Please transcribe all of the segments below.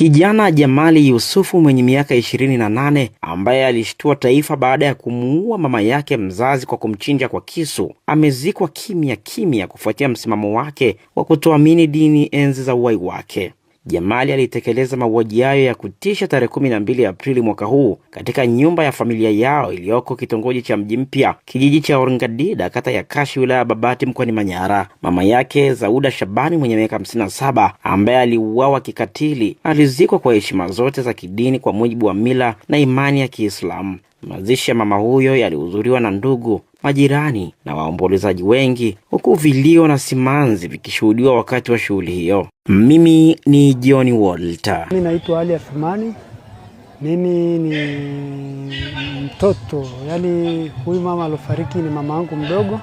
Kijana Jamali Yusufu mwenye miaka ishirini na nane ambaye alishtua taifa baada ya kumuua mama yake mzazi kwa kumchinja kwa kisu amezikwa kimya kimya kufuatia msimamo wake wa kutoamini dini enzi za uhai wake. Jamali alitekeleza mauaji hayo ya kutisha tarehe 12 Aprili mwaka huu katika nyumba ya familia yao iliyoko kitongoji cha Mji Mpya, kijiji cha orngadida kata ya Kashi, wilaya ya Babati, mkoani Manyara. Mama yake Zauda Shabani mwenye miaka 57 ambaye aliuawa kikatili alizikwa kwa heshima zote za kidini kwa mujibu wa mila na imani ya Kiislamu. Mazishi ya mama huyo yalihudhuriwa na ndugu, majirani na waombolezaji wengi, huku vilio na simanzi vikishuhudiwa wakati wa shughuli hiyo. Mimi ni John Walter. Mimi naitwa Ali Athumani. Mimi ni mtoto, yaani huyu mama alofariki ni mama yangu mdogo.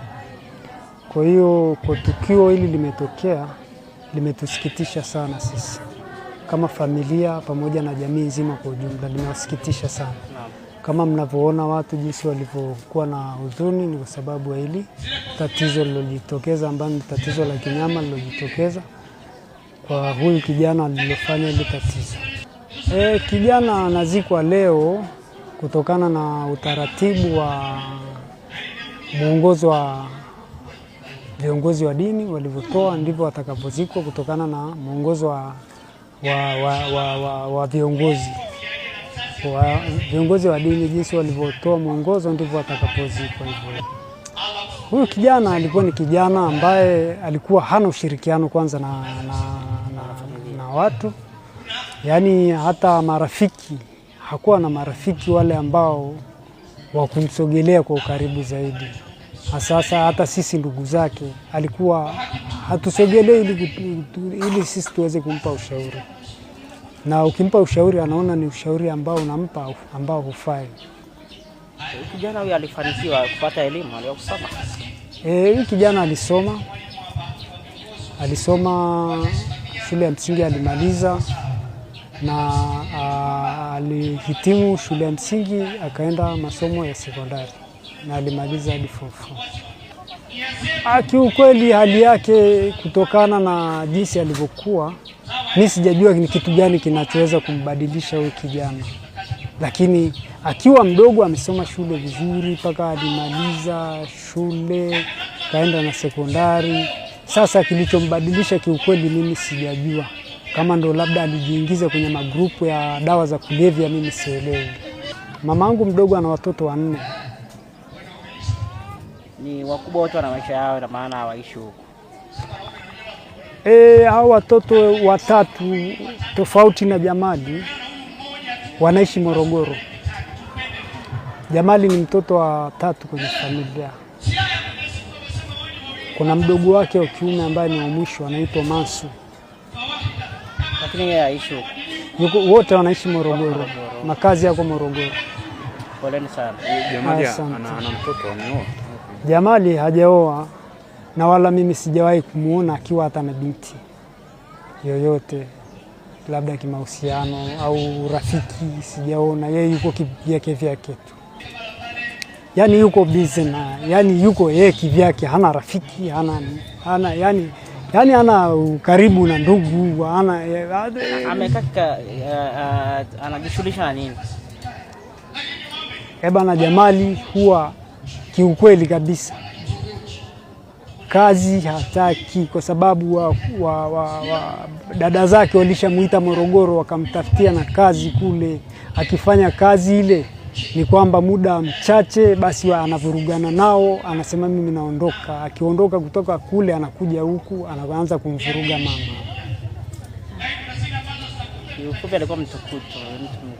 Kwa hiyo kwa tukio hili limetokea, limetusikitisha sana sisi kama familia pamoja na jamii nzima kwa ujumla, limewasikitisha sana. Kama mnavyoona watu jinsi walivyokuwa na huzuni, ni kwa sababu ya hili tatizo lilojitokeza, ambalo ni tatizo la kinyama lilojitokeza kwa huyu kijana alilofanya hili tatizo. E, kijana anazikwa leo kutokana na utaratibu wa mwongozo wa viongozi wa dini walivyotoa, ndivyo watakavyozikwa kutokana na mwongozo wa, wa, wa, wa, wa, wa viongozi kwa viongozi wa dini, jinsi walivyotoa mwongozo ndivyo atakapozikwa. Hivyo huyu kijana alikuwa ni kijana ambaye alikuwa hana ushirikiano kwanza na, na, na, na watu, yaani hata marafiki hakuwa na marafiki wale ambao wa kumsogelea kwa ukaribu zaidi. Sasa hata sisi ndugu zake alikuwa hatusogelei ili, ili sisi tuweze kumpa ushauri na ukimpa ushauri anaona ni ushauri ambao unampa ambao hufai. Kijana huyu alifanikiwa kupata elimu aliyokusoma. Eh, kijana alisoma alisoma shule ya msingi alimaliza na a, alihitimu shule ya msingi akaenda masomo ya sekondari na alimaliza hadi form four. Kiukweli hali yake kutokana na jinsi alivyokuwa mi sijajua ni kitu gani kinachoweza kumbadilisha huyu kijana, lakini akiwa mdogo amesoma shule vizuri mpaka alimaliza shule kaenda na sekondari. Sasa kilichombadilisha kiukweli, mimi sijajua kama ndo labda alijiingiza kwenye magrupu ya dawa za kulevya, mimi sielewi. Mamangu mdogo ana watoto wanne, ni wakubwa wote wana maisha yao, na maana hawaishi huku E, hao watoto watatu tofauti na Jamali wanaishi Morogoro. Jamali ni mtoto wa tatu kwenye familia. Kuna mdogo wake wa kiume ambaye ni wa mwisho anaitwa Mansu, lakini yeye aishi huko. Wote wanaishi Morogoro, makazi yako Morogoro. Poleni sana. Jamali ana mtoto ameoa? Jamali hajaoa na wala mimi sijawahi kumwona akiwa hata na binti yoyote, labda kimahusiano au rafiki, sijaona. Yeye yuko kivyake vyake tu, yani yuko busy na yani yuko yeye kivyake, hana rafiki hana, hana yani yani ana karibu na ndugu hana, amekaka uh, eh, eh, anajishughulisha na nini? Ebana eh Jamali huwa kiukweli kabisa kazi hataki, kwa sababu wa, wa, wa, wa, dada zake walishamuita Morogoro wakamtafutia na kazi kule. Akifanya kazi ile ni kwamba muda mchache basi anavurugana nao, anasema mimi naondoka. Akiondoka kutoka kule anakuja huku anaanza kumvuruga mama. yani alikuwa mtu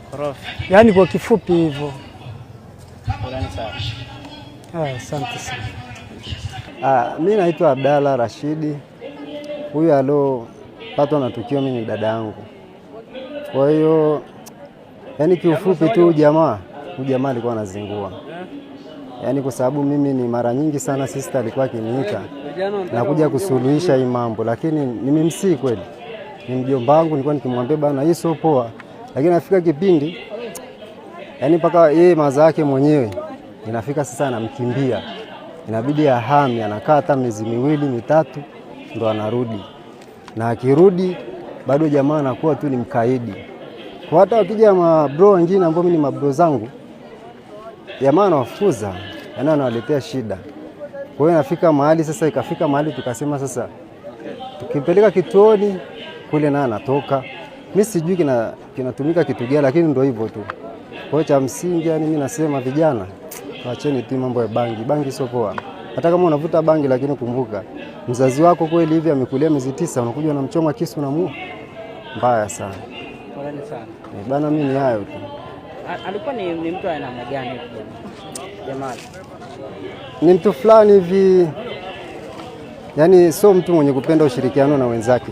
mkorofi, yaani kwa kifupi hivyo. Ah, asante sana. Ah, mi naitwa Abdalla Rashidi. Huyu aliopatwa na tukio mimi ni dada yangu, kwa hiyo yani kiufupi tu jamaa ujamaa alikuwa anazingua, yaani kwa sababu mimi ni mara nyingi sana sister alikuwa akiniita nakuja kusuluhisha hii mambo, lakini nimemsii kweli, ni mjomba wangu, nilikuwa nikimwambia bana, hii sio poa, lakini afika kipindi yani mpaka yeye maza yake mwenyewe inafika sasa anamkimbia inabidi ahami anakaa hata miezi miwili mitatu ndo anarudi, na akirudi bado jamaa anakuwa tu ni mkaidi. Kwa hata wakija mabro wengine ambao mimi ni mabro zangu, jamaa anawafukuza, yani anawaletea shida. Kwa hiyo inafika mahali sasa, ikafika mahali tukasema sasa tukimpeleka kituoni kule, naye anatoka. Mi sijui kinatumika kina kitu gani, lakini ndo hivyo tu. Kwa hiyo cha msingi, yani mi nasema vijana Wacheni tu mambo ya bangi. Bangi sio poa. Hata kama unavuta bangi, lakini kumbuka mzazi wako kweli hivi amekulea miezi tisa, unakuja unamchoma kisu na muua. Mbaya sana. Poleni sana. E, bana mimi ni hayo tu. Alikuwa ni, ni mtu ana namna gani jamani? Ni mtu fulani hivi yaani sio mtu mwenye kupenda ushirikiano na wenzake,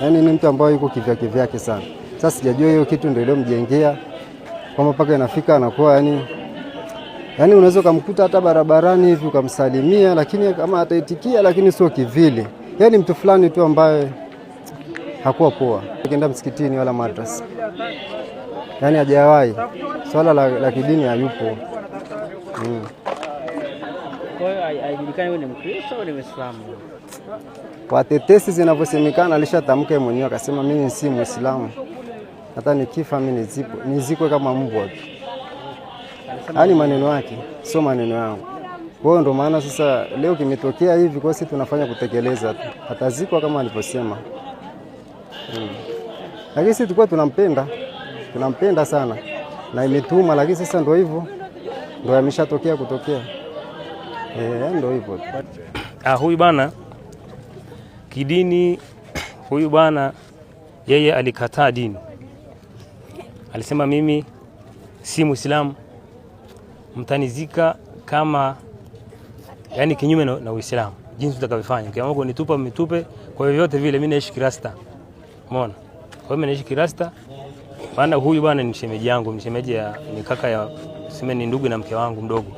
yaani ni mtu ambaye yuko kivyake vyake sana. Sasa sijajua hiyo kitu ndio iliyomjengea kwamba mpaka inafika anakuwa yaani Yaani unaweza ukamkuta hata barabarani hivi ukamsalimia, lakini kama ataitikia, lakini sio kivile, yaani mtu fulani tu ambaye hakuwa poa. akienda msikitini wala madrasa, yaani hajawahi swala la, la kidini hayupo mm. tetesi zinavyosemekana alishatamka mwenyewe akasema, mimi si Muislamu, hata nikifa mimi nizikwe kama mbwa tu. Yaani maneno yake sio maneno yangu. Kwa hiyo ndio maana sasa leo kimetokea hivi, kwa sisi tunafanya kutekeleza tu, atazikwa kama alivyosema hmm. Lakini sisi tulikuwa tunampenda, tunampenda sana na imetuma, lakini sasa ndo hivyo, ndo yameshatokea kutokea. Eh, yaani ndo hivyo. Ah, huyu bana kidini, huyu bana yeye alikataa dini, alisema mimi si Muislamu mtanizika kama yani kinyume na, na Uislamu jinsi utakavyofanya. Kama uko nitupa mitupe, kwa vyovyote vile mimi naishi kirasta. Umeona? Kwa hiyo mimi naishi kirasta. Maana huyu bwana ni shemeji yangu, mshemeji ya ni kaka ya sema ni ndugu na mke wangu mdogo.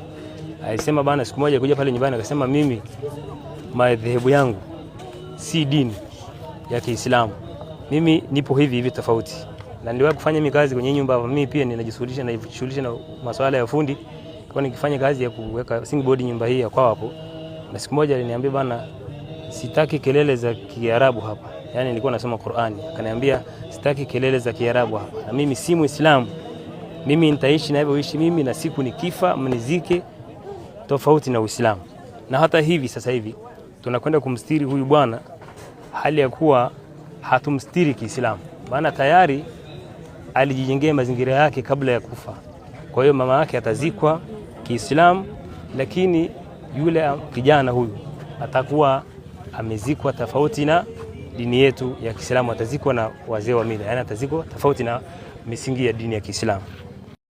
Alisema bwana, siku moja kuja pale nyumbani akasema mimi madhehebu yangu si dini ya Kiislamu. Mimi nipo hivi hivi tofauti. Na niliwahi kufanya mikazi kwenye nyumba, mimi pia ninajishughulisha na na masuala ya fundi nilikuwa nikifanya kazi ya kuweka single board nyumba hii ya kwao hapo, na siku moja aliniambia bana, sitaki kelele za Kiarabu hapa. Yani nilikuwa nasoma Qur'ani, akaniambia sitaki kelele za Kiarabu hapa, na mimi si Muislamu, mimi nitaishi na navyoishi mimi, na siku nikifa mnizike tofauti na Uislamu. Na hata hivi sasa hivi tunakwenda kumstiri huyu bwana, hali ya kuwa hatumstiri Kiislamu, maana tayari alijijengea mazingira yake kabla ya kufa. Kwa hiyo mama yake atazikwa Kiislamu, lakini yule kijana huyu atakuwa amezikwa tofauti na dini yetu ya Kiislamu, atazikwa na wazee wa mila, yani atazikwa tofauti na misingi ya dini ya Kiislamu.